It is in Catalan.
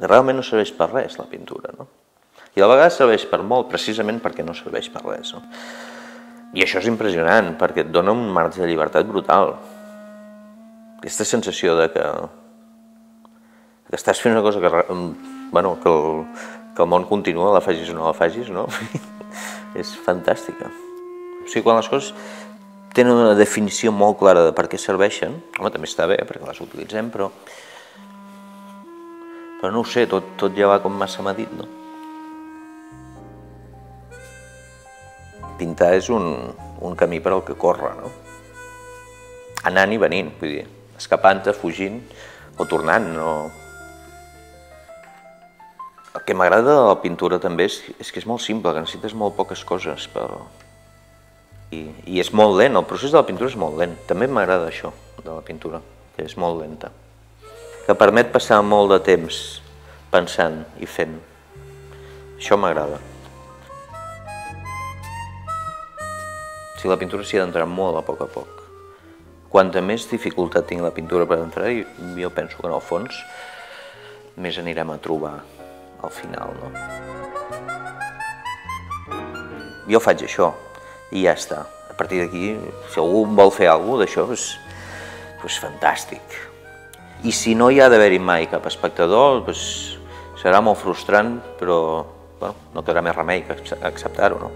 Realment no serveix per res la pintura, no? I a vegades serveix per molt, precisament perquè no serveix per res. No? I això és impressionant, perquè et dona un marge de llibertat brutal. Aquesta sensació de que, que estàs fent una cosa que, mm, bueno, que, el, que el món continua, la facis o no la facis, no? és fantàstica. O sigui, quan les coses tenen una definició molt clara de per què serveixen, home, també està bé, perquè les utilitzem, però però no ho sé, tot, tot ja va com massa medit, no? Pintar és un, un camí per al que corre, no? Anant i venint, vull dir, escapant-te, fugint o tornant, no? El que m'agrada de la pintura també és, és que és molt simple, que necessites molt poques coses però... i, i és molt lent, el procés de la pintura és molt lent. També m'agrada això, de la pintura, que és molt lenta que permet passar molt de temps pensant i fent. Això m'agrada. Si la pintura s'hi ha d'entrar molt a poc a poc. Quanta més dificultat tinc la pintura per entrar, jo penso que en el fons més anirem a trobar al final, no? Jo faig això i ja està. A partir d'aquí, si algú vol fer alguna cosa d'això, és, doncs, és doncs fantàstic. I si no hi ha d'haver-hi mai cap espectador, doncs serà molt frustrant, però bueno, no quedarà més remei que acceptar-ho. No?